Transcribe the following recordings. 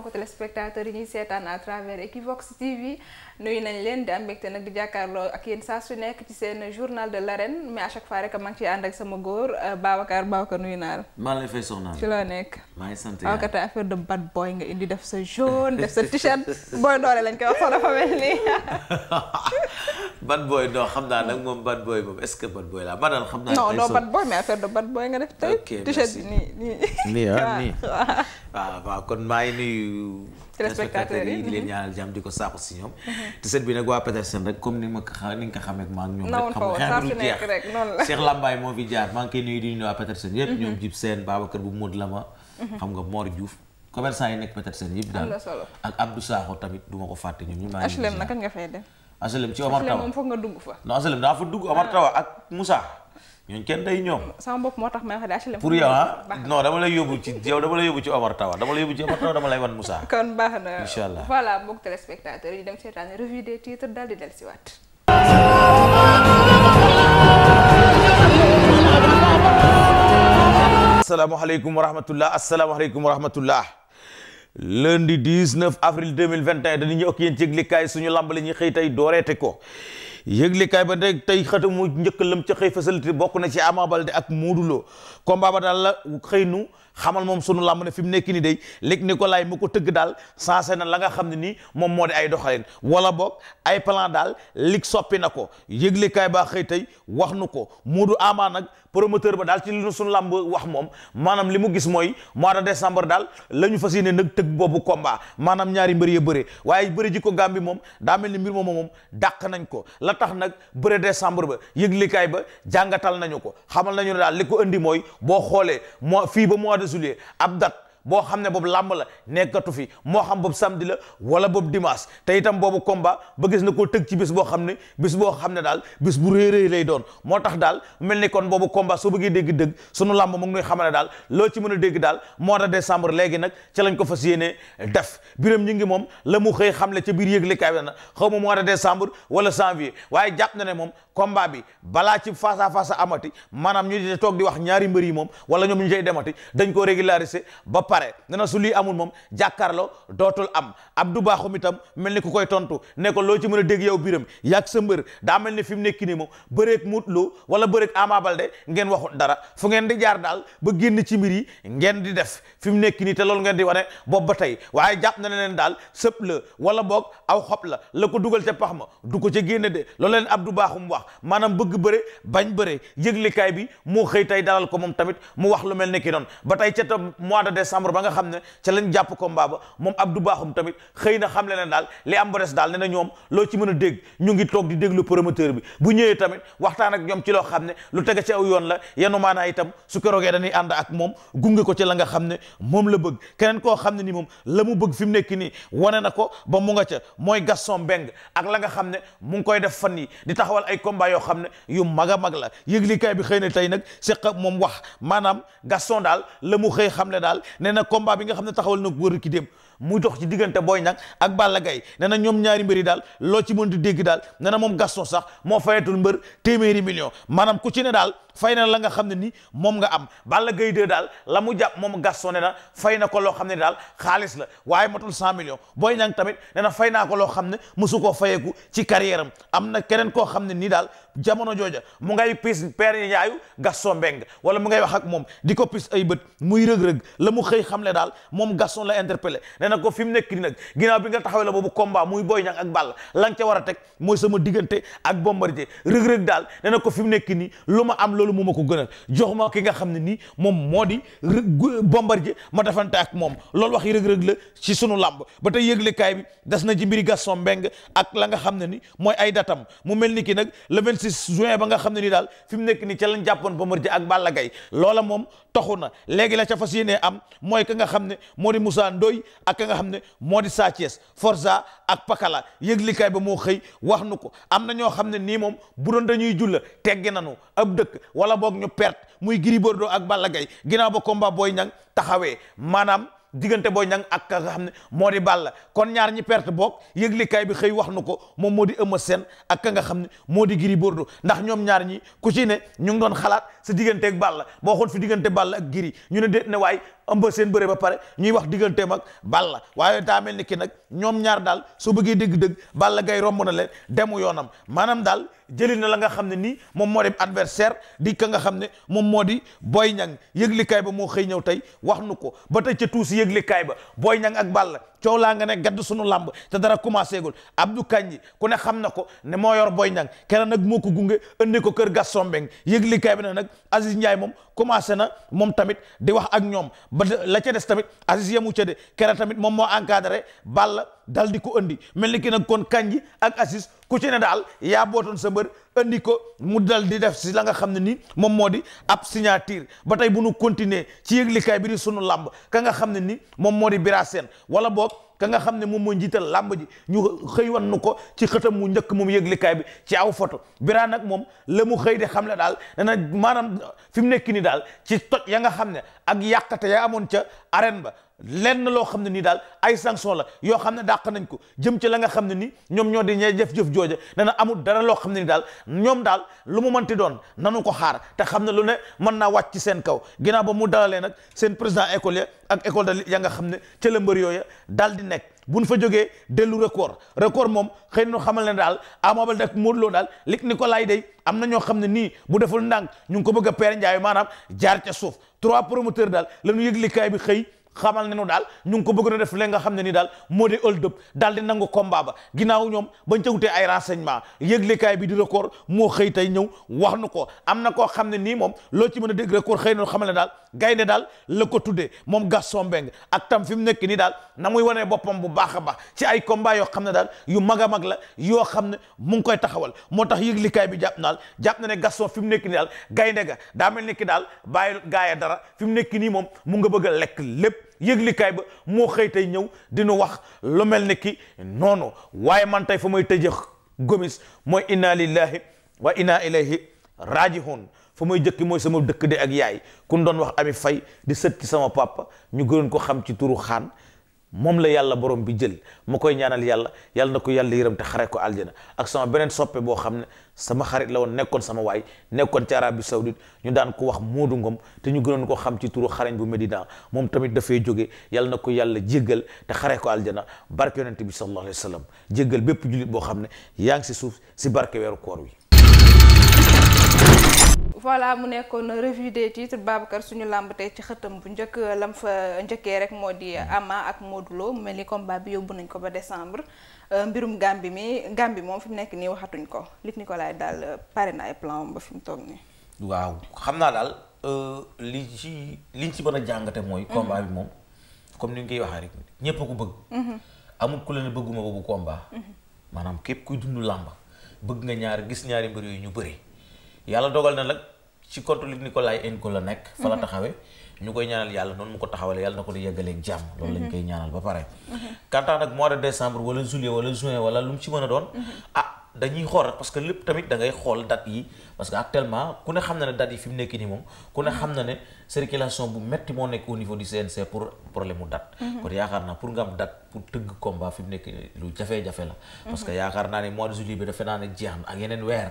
mbokku téléspectateurs yi ñuy seetaan à travers Equivox TV nuyu nañ leen di am mbégte nag di jàkkaarloo ak yéen saa su nekk ci seen journal de l'arène mais à chaque fois ngi ciy ànd ak sama góor euh, Babacar Babacar nuyu naa la. maa ngi lay fay soxna ci loo nekk. maa ngi sant yàlla waaw affaire de bad boy nga indi def sa jaune def sa t-shirt booy doole lañ koy wax sax dafa mel ni. bad boy non xam naa nag moom bad boy boobu est-ce boy la ba daal xam naa. non non bad boy mais affaire de bad boy nga def tey. t-shirt nii nii. nii ah, waaw ah, waaw kon maa ngi nuyu. téléspectateurs yi di leen ñaanal jàmm di ko saako si ñoom. te set bi nag waa Petersen rek comme ni ma ko ko xamee maa ngi ñoom. rek xam nga xeetu jeex Cheikh moo fi jaar maa ngi koy nuyu di nuyu waa Petersen mhm. bu Mod Lama. Mhm. xam nga Mor Diouf. yi nekk Petersen yëpp daal ak Abdou Sakho tamit du ma ko fàtte ñoom ñu maa ngi. HLM naka nga fay dem. HLM ci Omar Tawa moom foog nga dugg fa. non HLM daa fa dugg Omar ah. Tawa ak Moussa ñooñu kenn day ñoom. sama bopp moo tax may wax de HLM. pour yow ah non dama lay yóbbu ci yow dama lay yóbbu ci Omar Tawa dama lay yóbbu ci Omar Tawa dama lay wan Moussa. kon baax na incha allah voilà mbokk téléspectateurs yi dem seetaan revue des titres daal di del si waat. asalaamaaleykum wa rahmatullah asalaamaaleykum wa rahmatullah lundi 19 avril 2021 dañu ñëw ak yéen ci yëglikaay suñu lamb la ñuy xëy tey dooreete ko. yëglikaay ba rek tey xëta mu njëkk lam ca xëy fasaliti bokk na ci Ama balde ak Modou Lo combat ba daal la xëy nu xamal moom sunu làmb ne fi mu nekk nii day léegi Nicolas mu ko tëgg daal sensé na la nga xam ne nii moom moo di ay doxalin wala boog ay plan daal lig soppi na ko yëglekaay baa xëy tey wax nu ko Moodu Ama nag promoteur ba daal ci li nu sunu làmb wax moom maanaam li mu gis mooy mois de décembre daal la ñu fas yéene nag tëgg boobu combat maanaam ñaari mbër ya bëre waaye bëri ji ko Gàmbi moom daa mel ni mbir moom moom dàq nañ ko la tax nag bëre décembre ba yëglekaay ba jàngatal nañu ko xamal nañu daal li ko indi mooy boo xoolee de juillet ab boo xam ne boobu làmb la nekkatu fi moo xam boobu samedi la wala boobu dimanche te itam boobu combat ba gis na koo tëg ci bis boo xam ne bis boo xam ne daal bis bu rëy rëy lay doon moo tax daal mel ni kon boobu combat soo bëggee dégg dëgg sunu làmb mu ngi nuy xamal ne daal loo ci mën a dégg daal mois de décembre léegi nag ca lañ ko fas yéenee def biram ñu ngi moom la mu xëy xamle ca biir yëglekaay bi na xaw ma mois de décembre wala janvier waaye jàpp na ne moom combat bi balaa ci face à face amati maanaam ñu di toog di wax ñaari mbër yi moom wala ñoom ñu cay demati dañ koo régulariser ba pare ne na su lii amul moom jàkkaarloo dootul am Abdou Bakhoum itam mel ni ku koy tontu nekko ko loo ci mën a dégg yow biram yàgg sa mbër daa mel ni fi mu nekk nii moom bëreeg Modou Lo wala bëreeg Ama Baldé ngeen waxut dara fu ngeen di jaar daal ba génn ci mbir yi ngeen di def fi mu nekk nii te loolu ngeen di wane boobu ba tey waaye jàpp na ne leen daal sëpp la wala boog aw xob la la ko dugal ca pax ma du ko ca génne de loolu leen Abdou Bakhoum wax maanaam bëgg bëre bañ bëre yëglikaay bi moo xëy tey dalal ko moom tamit mu wax lu mel ni ki noonu ba tey ca mois de décembre ba nga xam ne ca lañ jàpp ko ba moom Abdou Bakhoum tamit xëy na xam le daal li am ba des daal ne na ñoom loo ci mën a dégg ñu ngi toog di déglu promoteur bi bu ñëwee tamit waxtaan ak ñoom ci loo xam ne lu tege ci aw yoon la yenu maanaa itam su keroogee rogee dañuy ànd ak moom gunge ko ci la nga xam ne moom la bëgg keneen koo xam ne ni moom la mu bëgg fi mu nekk nii wane na ko ba mu nga ca mooy Gaston Mbengue ak la nga xam ne mu koy def combat yoo xam ne yu mag a mag la yëglikaay bi xëy na tey nag seq moom wax maanaam Gaston daal la mu xëy xam ne daal nee na combat bi nga xam ne taxawal na góor ki dem mu dox ci diggante booy Niang ak Balla gay nee na ñoom ñaari mbër yi daal loo ci mën dégg daal nee na moom Gaston sax moo fayatul mbër téeméeri million maanaam ku ci ne daal fay na la nga xam ne nii moom nga am Balla Gaye daal la mu jàpp moom Gaston nee na fay na ko loo xam ne daal xaalis la waaye matul cent millions booy Niang tamit nee na fay naa ko loo xam ne mosu koo fayeeku ci carrière am am na keneen koo xam ne nii daal jamono jooja mu ngay pis père yaayu Gaston Mbengue wala mu ngay wax ak moom di ko pis ay bët muy rëg-rëg la mu xëy xamle daal moom gason la interpellé nee na ko fi mu nekk ni nag ginnaaw bi nga taxawee la boobu combat muy Boy Niang ak Balla la nga ca a teg mooy sama diggante ak Bombardier rëg daal nee na ko fi mu nekk nii lu ma am loolu moo ma ko gënal jox ma ki nga xam ne nii moom moo di rëg bombar Bombardier ma defante ak moom loolu wax yi rëg-rëg la ci sunu làmb ba tey yëglekaay bi des na ci mbiri Gaston Mbengue ak la nga xam ne ni mooy ay datam mu mel ni ki nag le 26 join ba nga xam ne nii daal fi mu nekk ni ca lañ jàppoon Bombardier ak Balla Gaye loola moom toxu na léegi la ca fas yéenee am mooy ka nga xam ne moo di Moussa Ndoye ak ka nga xam ne moo di Sa Thiès ak Pakala yëglikaay ba moo xëy wax nu ko am na ñoo xam ne nii moom bu doon dañuy julla teggi nanu ab dëkk wala boog ñu perte muy Gris Bordeaux ak Balla gay ginnaaw ba combat booy Niang taxawee maanaam diggante boo Niang ak nga xam ne moo di Balla kon ñaar ñi perte boog yëglikaay bi xëy wax nu ko moom moo di Eumeu seen ak ka nga xam ne moo di giri Bordeaux ndax ñoom ñaar ñi ku ci ne ñu ngi doon xalaat sa diggante ak Balla boo xool fi diggante Balla ak Gris ñu ne déet ne waay ëmba seen bëre ba pare ñuy wax digganteem ak Balla waaye daa mel ni ki nag ñoom ñaar daal soo bëggee dégg-dëgg Balla Gaye romb na leen demu yoonam maanaam daal jëli na la nga xam ne nii moom moo dem adversaire di ka nga xam ne moom moo di Boy Niang yëglikaay ba moo xëy ñëw tey wax nu ko ba tey ca tuusi yëglikaay ba booy Niang ak Balla coow laa nga ne gadd sunu làmb te dara commencé gul Abdou Kandji ku ne xam na ko ne moo yor Boy Niang keneen nag moo ko gunge indi ko kër Gaston Mbengue yëglikaay bi ne nag Aziz Ndiaye moom commencé na moom tamit di wax ak ñoom ba la ca des tamit Aziz yamu ca de keneen tamit moom moo encadré Balla dal di ko andi mel ni ki nag kon kanji ak assis ku ci ne daal yaa bootoon sa bër andi ko mu dal di def si la nga xam ne ni moom moo di ab signature ba tey bu nu continuer ci yëglikaay bi di sunu làmb ka nga xam ne ni moom moo di bira seen wala boog ka nga xam ne moom moo njiital làmb ji ñu xëy wan nu ko ci xëtam mu njëkk moom yëglikaay bi ci aw photo bira nag moom la mu xëy di xam le daal dana maanaam fi mu nekk ni daal ci toj ya nga xam ne ak yàqate ya amoon ca arène ba lenn loo xam ne nii daal ay sanction la yoo xam ne dàq nañ ko jëm ci la nga xam ne nii ñoom ñoo di ñee jëf-jëf jooja ne na amul dara loo xam ne ni daal ñoom daal lu mu mënti doon nanu ko xaar te xam ne lu ne mën naa wàcc ci seen kaw ginnaaw ba mu dalalee nag seen président école ak école da ya nga xam ne ca mbër yooya daal di nekk buñ fa jógee dellu record record moom xëy na ñu xamal ne daal Ama Baldé ak Modou Lo daal lig ko laay day am na ñoo xam ne nii bu deful ndànk ñu ngi ko bëgg a peer njaay maanaam jaar ca suuf trois promoteurs daal la nu ñu yëglikaay bi xëy xamal ne nu daal ñu ngi ko bëgg na def leen nga xam ne ni daal moo di hold up daal di nangu combat ba ginnaaw ñoom bañ ca wutee ay renseignement yëglekaay bi di record moo xëy tey ñëw wax nu ko am na koo xam ne nii moom loo ci mën a dégg record xëy na xamal ne daal gaynde daal la ko tuddee moom Gaston Mbengue ak tam fi mu nekk nii na muy wanee boppam bu baax a baax ci ay combat yoo xam ne daal yu mag a mag la yoo xam ne mu ngi koy taxawal moo tax yëglekaay bi jàpp naal jàpp na ne Gaston fi mu nekk nii daal gaynde ga daa mel ni ki daal bàyyi gaaya dara fi mu nekk nii moom mun nga bëgg a lekk lépp yëglikaay ba moo xëy tey ñëw dinu wax lu mel ni ki noonu waaye man tey fa may tëjëx gomis mooy inna lillahi wa inna ilayhi raajihun fa may jëkki mooy sama dëkk de ak yaay kun doon wax ami fay di sët sama papa ñu gënoon ko xam ci turu xaan moom la yàlla borom bi jël ma koy ñaanal yàlla yàlla na ko yàlla yërëm te xare ko aljana ak sama beneen soppe boo xam ne sama xarit la woon nekkoon sama waay nekkoon ci Arabie Saoudite ñu daan ko wax Moodu Ngom te ñu gënoon ko xam ci turu xarañ bu Medina moom tamit dafay jóge yàlla na ko yàlla jéggal te xare ko aljana barke yonente bi sallallahu alayhi wa sallam jéggal bépp jullit boo xam ne yaa ngi si suuf si barke weeru koor wi voilà mu nekkoon revue des titres Babacar suñu làmb tey ci xëtam bu njëkk lam fa njëkkee rek moo di Ama ak Modou Lo mel ni combat bi yóbbu nañ ko ba décembre euh, mbirum Gàmbi mi Gàmbi moom fi mu nekk nii waxatuñ ko Luc Nicolaï daal euh, pare na ay plan fi mu toog nii. waaw xam naa daal euh, li ci liñ ci mën a jàngate mooy. Mhm. combat bi comme ni koy waxee rek ñépp ko bëgg. Mhm. amul ku la bëgguma boobu combat. Mhm. maanaam képp kuy dund làmb bëgg nga ñaar gis ñaari mbër yooyu ñu bëri. yàlla dogal na nag ci contre Luc Nicolaï Enco la nekk fa la mhm. taxawee ñu koy ñaanal yàlla noonu mu ko taxawale yàlla na ko di yeggaleeg jàmm mhm. loolu lañ koy ñaanal ba pare kantaan mhm. nag mois de décembre wala juillet wala juin wala lu mu ci mën a doon ah dañuy xool parce que lépp tamit dangay ngay xool date yi parce que actuellement ku ne xam na ne date yi fi mu nekk nii moom ku ne xam na ne circulation bu metti moo nekk au niveau du CNC pour problème mu date. kon yaakaar naa pour mu nekk lu jafe la. parce que yaakaar naa ne mois de juillet bi defe naa na ak yeneen weer.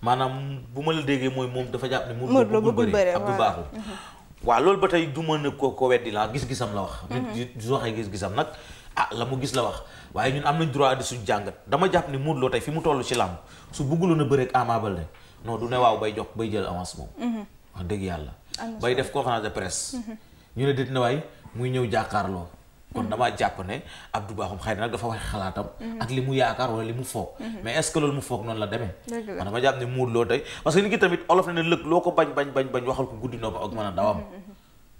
maanaam bu ma la déggee mooy moom dafa jàpp ne. Modou Lo bëggul bëre Abdou Baaxul uh-huh. waaw loolu ba tey du mën a ko ko weddi laa gis-gisam la wax. Uh-huh. nit su waxee gis-gisam nag ah la mu gis la wax waaye ñun am nañ droit di suñ jàngat dama jàpp ne Modou Lo tey fi mu toll ci làmb su bëgguloon a bëreeg Ama Baldé non du ne waaw bay jox bay jël avance moom. Uh-huh. dëgg yàlla. bay def conférence de presse. ñu ne dit na waay muy ñëw jàkkaarloo. kon damaa jàpp ne Abdou Bakhoum xëy na nag dafa wax xalaatam ak li mu yaakaar wala li mu foog mais est mu foog noonu la demee man dama jàpp ne muur loo tey parce que nit ki tamit olof ne ne lëg loo ko bañ bañ bañ waxal ko guddi noppam ak mën a dawam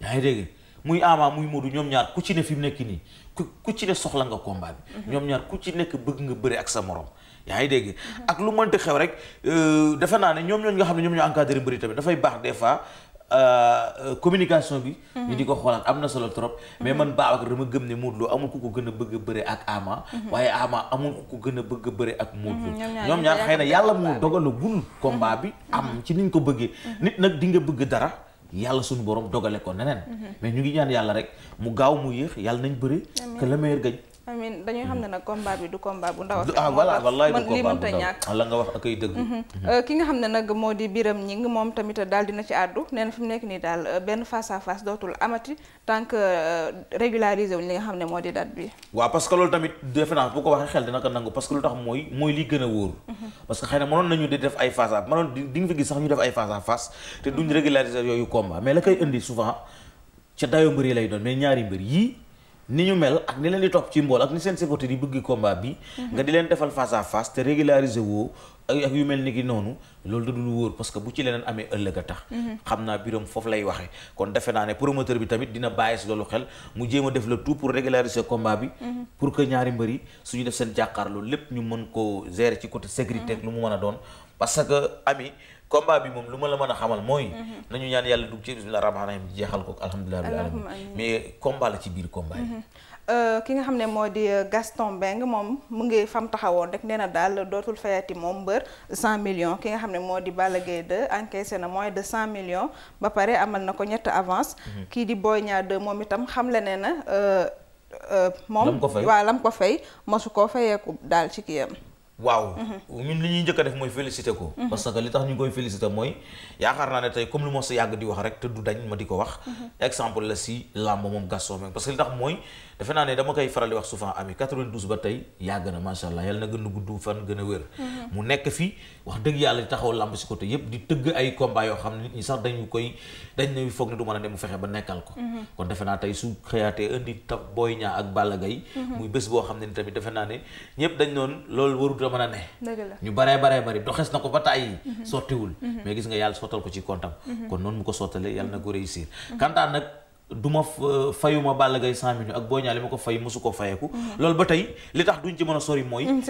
yaa dégg muy Ama muy Modou ñoom ñaar ku ci ne fi mu nekk nii ku ci ne soxla nga combat bi mhm. ñoom ñaar ku ci nekk bëgg nga bëri ak sa morom yaa ngi dégg ak lu mënti xew rek euh, defe naa ne ñoom ñooñu nga xam ne ñoom Euh, euh, communication bi. Mhm. ñu di ko xoolaat am na solo trop. mais mhm. man Babacar dama gëm ne Modou Lo amul ku ko gën a bëgg a bëre ak Ama. Mhm. waaye Ama amul ku ko gën a bëgg a bëre ak Modou Lo. ñoom ñaar xëy na yàlla moo dogalagul combat bi am ci niñ ko bëggee. nit nag di nga bëgg dara. yàlla suñu borom dogale ko neneen. mais ñu ngi ñaan yàlla rek mu gaaw mu yéex yàlla nañ bëri. que le meilleur amiin dañuy xam ne nag combat bi du combat bu ndaw. ah voilà wallaay du mënta ñàkk. Ah, la nga wax ak ay dëgg. Mhm. Mhm. Euh, ki nga xam ne nag moo di Birame Gningue moom tamit daal dina ci àddu nee na fi mu nekk nii daal euh, benn face à face dootul amati tant que euh, régularisé wuñ moo di date bi. waaw loolu tamit defe naa bu a wóor. Mhm. parce que xëy na mënoon nañu di def ay face à mënoon régulariser yooyu combat mais la koy indi souvent ca dayoo mbër lay doon mais ñaari mbër yii ni ñu mel ak ni leen di topp ci mbool ak ni seen supporters yi bëgg combat bi. Mhm. nga di leen defal fas à face te régulariser woo ak yu mel ni ki noonu loolu da dul wóor parce que bu ci leneen amee ëllëg a mhm. xam naa biram foofu lay waxe kon defe naa ne promoteur bi tamit dina bàyyi si loolu xel mu jéem def le tout pour régulariser combat bi mhm. pour que ñaari mbër yi suñu def seen jàkkaarloo lépp ñu mën koo gérer ci côté sécurité mhm. lu mu mën a doon parce que ami combat bi moom lu ma la mën a xamal mooy nañu ñaan yàlla dugg ci bismillah rahmaan rahim jeexal ko alhamdulilah mais combat la ci biir combat yi Euh, ki nga xam ne moo di euh, Gaston Mbengue moom mu ngi fam taxawoon rek nee na daal dootul fayati moom mbër 100 millions ki nga xam ne moo di Balla Gaye 2 encaissé na moins de 100 millions ba pare amal na ko ñett avance. Mhm. kii di booy Niang 2 moom itam xam le ne na euh, moom waaw lam ko fay mosu koo fayeeku daal ci kiyam waaw mhm. ñun li ñuy njëkk def mooy félicité ko mhm. parce que li tax ñu koy félicité mooy yaakaar naa ne tey comme lu ma sa yàgg di wax rek te du dañ ma di ko wax mhm. exemple la si làmb moom Gaston Mbengue parce que li tax mooy naa ne dama koy faral di wax souvent ami 92 dëgg yàlla di taxaw làmb si côté yépp di tëgg ay combat yoo xam sax dañu koy dañ ne foog ne du mën a dem mu fexe ba nekkal ko kon defe naa tey su xëyaatee indi tax Boy Niang ak Balla Gaye muy bés boo xam ne ni tamit defe naa ne ñëpp dañ noonu loolu warut doo mën a ne ñu baree baree bari doxes na ko ba tàyyi sottiwul mais gis nga yàlla sottal ko ci kontam kon noonu mu ko sottale yàlla na ko réussir kantaan nag duma fayuma Balla Gaye cent millions ak Boy Niang li ma ko fay mosu ko fayeku mhm. loolu ba tey li tax duñ ci mën a sori mooy mm,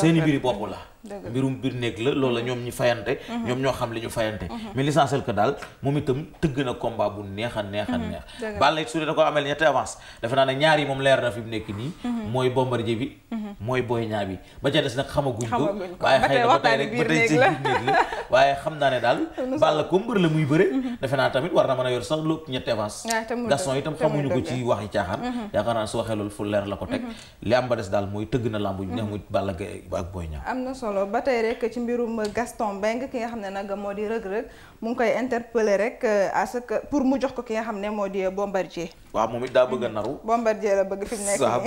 seeni mbir bopp la mbirum biir néeg la loolu la mm-hmm. ñoom ñi fayante mm-hmm. ñoom ñoo xam li ñu fayante mm-hmm. mais l'essentiel que daal moom itam tëgg na combat bu neex a neex a neex Balla su dee da ko amel ñetti avance dafa naa moom leer na fi mu nekk nii mooy bombardier bi mooy boy ñaa bi ba ca des na ba tey rek ba tey ci biir néeg la waaye naa daal Balla ko mbër la muy bëre defe naa tamit war na mën a yor sax lu ñetti avance ah, Gaston itam xamuñu ko ci wax yi caaxaan yaakaar naa su waxee loolu fu leer la ko teg li am ba des daal mooy tëgg na lamb ñu neex muy Balla Gaye ak boy ñaa solo ba tey rek ci mbirum Gaston Mbengue ki nga xam ne nag moo di rëg-rëg mu ngi koy interpeller rek euh, à ce que pour mu jox ko ki nga xam ne moo di Bombardier. waaw moom it daa bëgg a naru. Bombardier la bëgg fi mu a a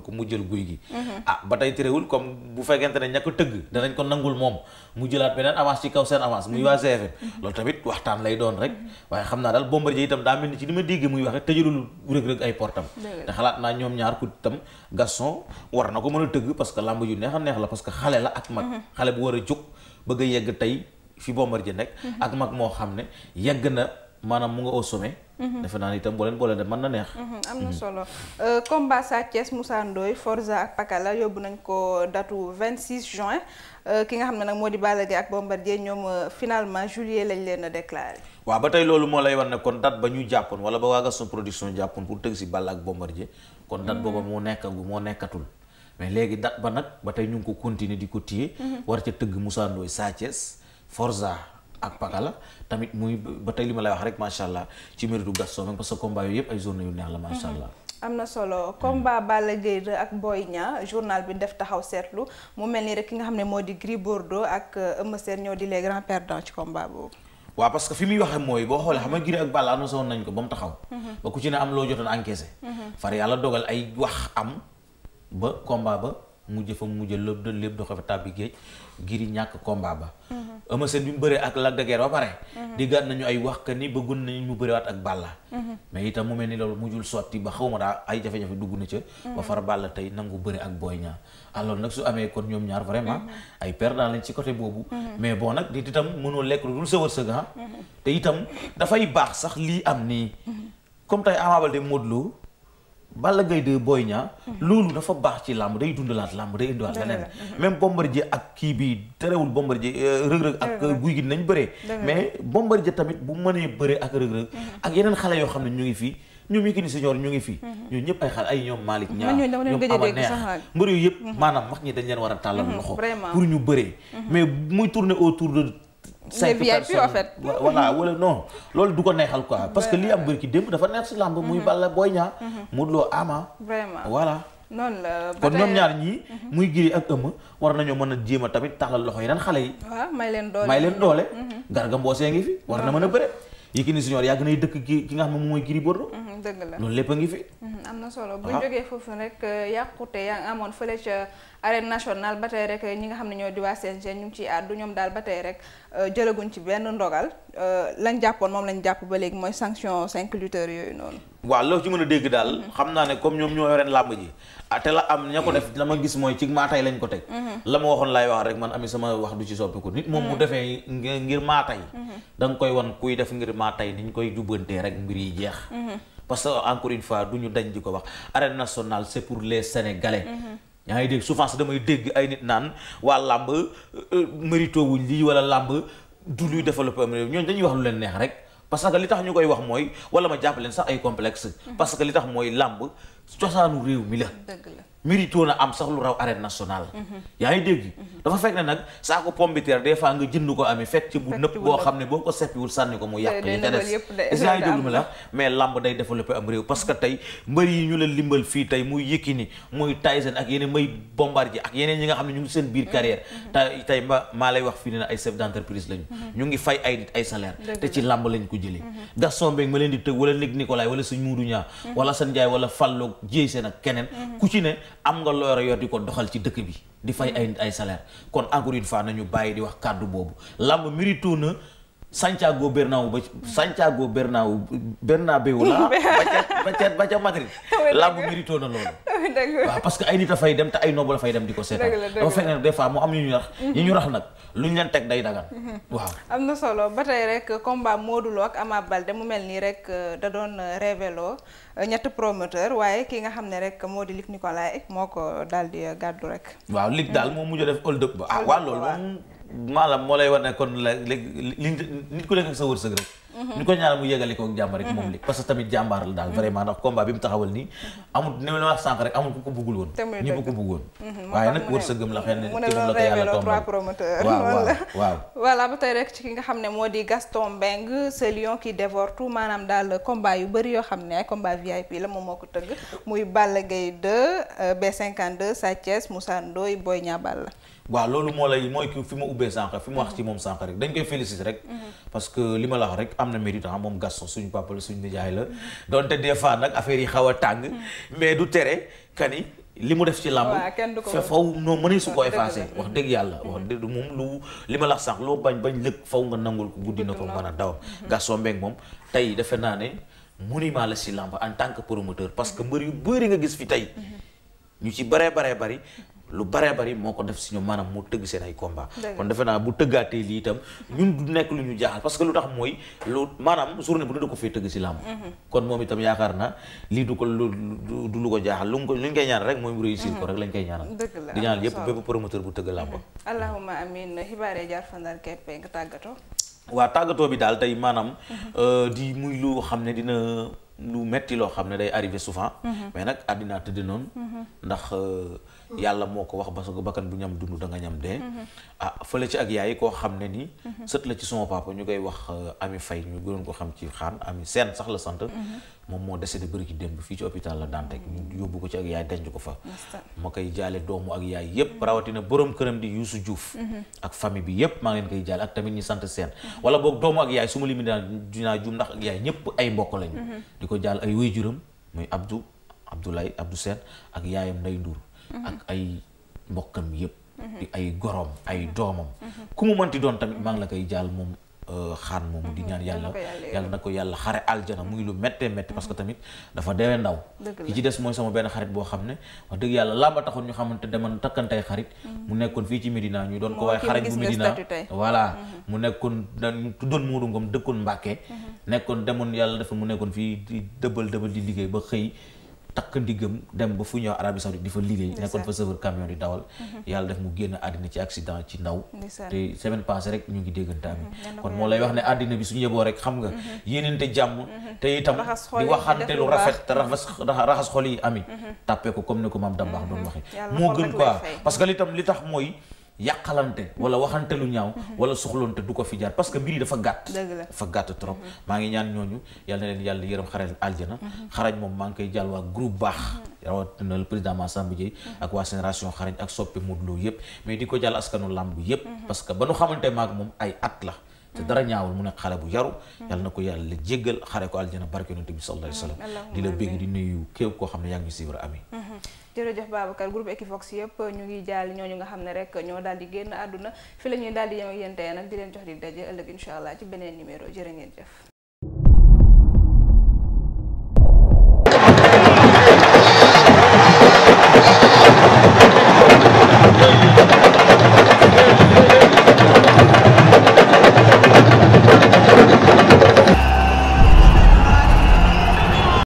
mhm. jël guy gi. Mhm. ah ba tey terewul comme bu fekkente ne ña ko tëgg danañ ko nangul moom mu jëlaat beneen avance ci kaw seen avance muy mhm. waa CFM. loolu tamit waxtaan lay doon rek waaye xam naa daal Bombardier itam daa mel ni ci li ma dégg muy waxe tëjalul tam Gaston war na ko mën a tëgg parce que làmb yu neex a neex la parce que xale la ak mag mhm. xale bu war a jóg bëgg yegg tey fi Bombardier nekk mhm. ak mag moo xam ne yegg na maanaam mu nga au sommet mhm. defe naa ni itam boo boole de mën na neex am na solo euh, combat Sa Thiès Moussa Ndoye Forza ak Pakala yóbbu nañ ko datu juin euh, ki nga xam ne nag moo di Balla Gaye ak Bombardier ñoom euh, finalement juillet lañ leen a déclaré waaw ba tey loolu moo lay wan ne kon dat ba ñu jàppoon wala ba waa Gaston production jàppoon pour tëgg si Balla ak Bombardier kon date booba moo nekkagu moo nekkatul mais léegi date ba nag ba tey ñu ngi ko continuer di ko téye mhm. war ca tëgg Moussa Ndoye Sa Thiès Forza ak Pakala tamit muy ba tey li ma lay wax rek macha allah ci méritu Gaston nag parce que combat yooyu yëpp ay journée yu neex la macha mhm. allah am na solo combat mhm. Balla Gaye 2 ak Boy Niang journal bi def taxaw seetlu mu mel ni rek ki nga xam ne moo di Gris Bordeaux ak euh, Eumeu Sène di les grands perdants ci waaw parce que fi muy waxee mooy boo xoolee xam nga Gris ak Balla annoncé woon nañ ko ba mu taxaw. Mhm. ba ku ci ne am loo jotoon encaissé. Mhm. far yàlla dogal ay wax am ba combat ba mujj fa mujj lépp lépp doxee fa tàbbi géej Gris ñàkk combat ba. Mhm. Eumeu Sène bi mu bëree ak Lac de ba pare. diggaat nañu ay wax que ni bëggoon nañu mu bëriwaat ak Balla. mais itam mu mel ni loolu mujjul sotti ba xaw ma daa ay jafe-jafe dugg na ca. ba far Balla tey nangu bëri ak booy Niang. alors nag su amee kon ñoom ñaar vraiment ay perdant nañ ci côté boobu. mais boo nag di itam mënoo lekk lu dul sa wërsëg ah. te itam dafay baax sax lii am nii. comme tey Ama de Modou Lô Balla Gaye 2 Boy Niang loolu dafa baax ci làmb day dundalaat làmb day indiwaat leneen même Bombardier ak kii bi terewul Bombardier euh, rëg-rëg ak guy gi nañ bëree mais Bombardier tamit bu mënee bëree ak rëg-rëg mhm. ak yeneen xale yoo xam ne ñu ngi fii ñoom Yékini Senior ñu ngi fii mhm. ñooñu ñëpp ay xale ay ñoom Malick Niang ñoom ama neex mbër yooyu yëpp mhm. maanaam mag ñi dañ leen war a tàllal loxo pour ñu bëree mais muy tourner autour cinq personnes en fait. voilà wala non loolu du ko neexal quoi parce que lii am bërki démb dafa neex si làmb muy mhm. Balla Boy Niang mhm. Modou Lo Ama vraiment kon ñoom ñaar ñii. Mhm. muy Gris ak Eumeu war nañoo mën a jéem a tamit taxal loxo yeneen xale yi. waaw may leen doole may leen doole. Garga Mbossé ngi fi war na mën a bëre. Yékini Junior yàgg nay dëkk ki ki nga xam ne moom mooy Gris Bordeaux mhm, dëgg la loolu lépp a ngi fi mhm, am na solo ah. bu jógee foofu rek euh, yàqute yaa amoon fële ca arène nationale ba tey rek ñi nga xam ne ñoo di waa CNG ñu ngi ciy àddu ñoom daal ba tey rek euh, jëlaguñ ci benn ndogal euh, lañ jàppoon moom lañ jàpp ba léegi mooy sanction cinq lutteurs yooyu noonu waaw loo ci mën a dégg daal xam naa ne comme ñoom ñoo yoreen làmb ji ah te la am ña ko mm-hmm. def la ma gis mooy ci maatay lañ ko teg mm-hmm. la ma waxoon laay wax rek man ami sama wax du ci soppiku nit moom mu mm-hmm. defee ngir maatay da koy wan kuy def ngir maatay ni ñu koy jubbantee rek mbir yi jeex parce que encore fois du ñu dañ di ko wax arène nationale c'est pour les sénégalais ñaa ngi dégg souvent damay dégg ay nit naan waa làmb euh, euh, mérito wuñ lii wala làmb du luy développé am réew dañuy wax lu leen neex rek parce que li tax ñu koy wax mooy wala ma jàpp leen ay complexe mhm. parce que li tax mooy làmb cosaanu réew mi la. dëgg la mérito na am sax lu raw arène nationale. Mhm. yaa ngi dégg. Mhm. dafa fekk ne nag saako pombiteer des fois nga jënd ko ame fekk ci bu nëpp boo xam ne boo ko seppiwul sànni ko mu yàq yi te des yaa ngi am parce que tey mbër yi ñu la limbal fii tey muy Yékini muy Tyson ak yeneen muy Bombardier ak yeneen ñi nga xam ne ñu ngi seen biir mhm. carrière tey tey ma maa lay wax fii ne na ay chef d'entreprise lañu ñu ngi fay ay ay salaire te ci lamb lañ ko jëlee Gaston Mbengue ma leen di tëgg wala Luc Nicolaï wala sëñ Moudou ñaa wala sëñ wala Fallou Dieye seen ak keneen ku ci am nga loo yor di ko doxal ci dëkk bi di fay ay ay salaire kon encore une na ñu bàyyi di wax kàddu boobu làmb mérite na Santiago Bernabéu ba Santiago Bernabéu Bernabéu la ba ca ba ca Madrid làmb mérito na loolu waaw parce que ay nit a fay dem te ay noble fay dem di ko seetaan dafa fekk nag des fois mu am ñu ñu rax ñu ñu rax nag lu ñu leen teg day dagan mhm. waaw am na solo ba tey rek combat Modou Lo ak Ama Baldé mu mel nii rek euh, da doon euh, révélo euh, ñetti promoteur waaye kii nga xam ne rek moo di Luc Nicolaï moo ko daal di gàddu rek waaw Luc daal mhm. moo mujj def hold up ba ah waa loolu moom maanaam moo lay war ne kon la léegi nit ku nekk sa wërsëg rek mhm. ñu ko ñaanal mu yegale ko ak jàmm rek moom mhm. li parce que tamit jàmbaar la daal mhm. vraiment ndax combat ko bëggul woon ñëpp la xëy na rek ci ki nga xam ne moo di Gaston Mbengue ce lion qui dévore tout maanaam daal combat yu bëri yoo xam ne ay combat VIP la moom moo ko tëgg muy Balla Gaye 2 euh, B52 Sa Thiès Moussa Ndoye Boy Niang Balla waaw loolu moo lay mooy ki fi ma ubbee sànq fi ma wax ci moom sànq rek dañ koy féliciter rek mhm. parce que li la wax rek am na mérite ah, moom Gaston suñu papa la suñu nijaay la donte des fois nag affaire yi xaw a tàng mhm. mais du tere kani li mu def ci làmb fa faw noo mënee su ko effacé wax dëgg yàlla wax mhm. dëgg moom lu li ma la sànq loo bañ bañ lëkk faw nga nangul ko guddi na ko mën a daw Gaston Mbengue moom tey defe naa ne monument la si làmb en tant que promoteur parce que mbër yu bëri nga gis fi tey ñu ci baree baree bari lu baree bari moo ko def si ñoom maanaam moo tëgg seen ay combat kon defe naa bu tëggaatee lii itam ñun du nekk lu ñu jaaxal parce que lu tax mooy lu maanaam da ko fee tëgg si làmb mhm. kon moom itam yaakaar na lii du ko lu du lu ko jaaxal lu lu mhm. di ñaanal yépp bépp mhm. euh, metti loo xam ne day arrivé souvent mais nag àddina tëdd noonu ndax euh, yàlla moo ko wax parce que bakkan bu ñam dund da nga ñam dee mhm. a ah, fële ci ak yaay koo xam ne ni mhm. sët la ci sama papa ñu koy wax euh, ami fay ñu gënoon ko xam ci xaan ami seen sax la sant mhm. moom moo décédé bëri ci démb fii ci la Dantec ñu yóbbu ko ci ak ko fa ma koy jaale doomu ak yaay yépp rawatina borom këram di Youssou Diouf ak famille bi yépp maa ngeen koy jaale ak tamit ñi sant seen wala boog doomu ak yaay su ma limi dinaa juum ndax ak yaay ñépp ay mbokk lañu di ko jaal ay waajuram muy Abdou Abdoulaye Abdou Sène ak yaayam Ndey Ndour ak mhm. ay mbokkam yëpp. Mhm. ay gorom ay mhm. doomam. ku mu mënti doon tamit maa ngi la koy jaal moom. Euh, xaan moom di ñaan yàlla yàlla na ko yàlla xare aljana muy lu méttee métti parce que tamit dafa dee ndaw ki ci des mooy sama benn xarit boo xam ne wax dëgg yàlla lamba taxoon ñu xamante demoon takkantay xarit mu nekkoon fii ci Medina ñu doon ko waaye xarit bu Medina voilà mu nekkoon dañ tuddoon Moodu Ngom dëkkoon Mbàkke nekkoon demoon yàlla dafa mu nekkoon fii di dëbal di liggéey ba xëy takk ndiggam dem ba fu ñëw Arabie Saoudite di fa liggéey nekkoon fa chauffeur camion di dawal mhm. yàlla def mu génn àddina ci accident ci ndaw te semaine passée rek ñu ngi déggante am mhm. kon moo lay wax ne àddina bi suñu yeboo rek xam nga mhm. yéenante jàmm te itam di waxante rafet te rafas raxas xol yi ami tàppee ko comme ni ko maam Dambax doon waxee moo gën quoi parce que li tam li tax mooy yàqalante wala waxante lu ñaaw mhm. wala soxlonte du ko fi jaar parce que mbir yi dafa gàtt dafa gàtt trop mhm. maa ngi ñaan ñooñu yàlla na leen yàlla yërëm xaral aljana mhm. xarañ moom maa ngi koy jàll waa groupe baax rawatina le président Massamba Dieye ak waa génération xarañ ak soppi Modou Lo yëpp mais di ko jàll askanu làmb yëpp parce que ba nu xamante maag moom ay at la te dara ñaawul mu nekk xale bu yaru yàlla na ko yàlla jéggal xare ko aljana barke yonent bi sallallahu alayhi wasallam di la bégg di nuyu képp koo xam ne yaa ngi suivre ami mm-hmm. jërëjëf Babacar groupe Equivox yëpp ñu ngi jaal ñooñu nga xam ne rek ñoo daal génn àdduna fi la ñuy daal di nag di leen jox di daje ëllëg incha allah ci beneen numéro jërë ngeen jëf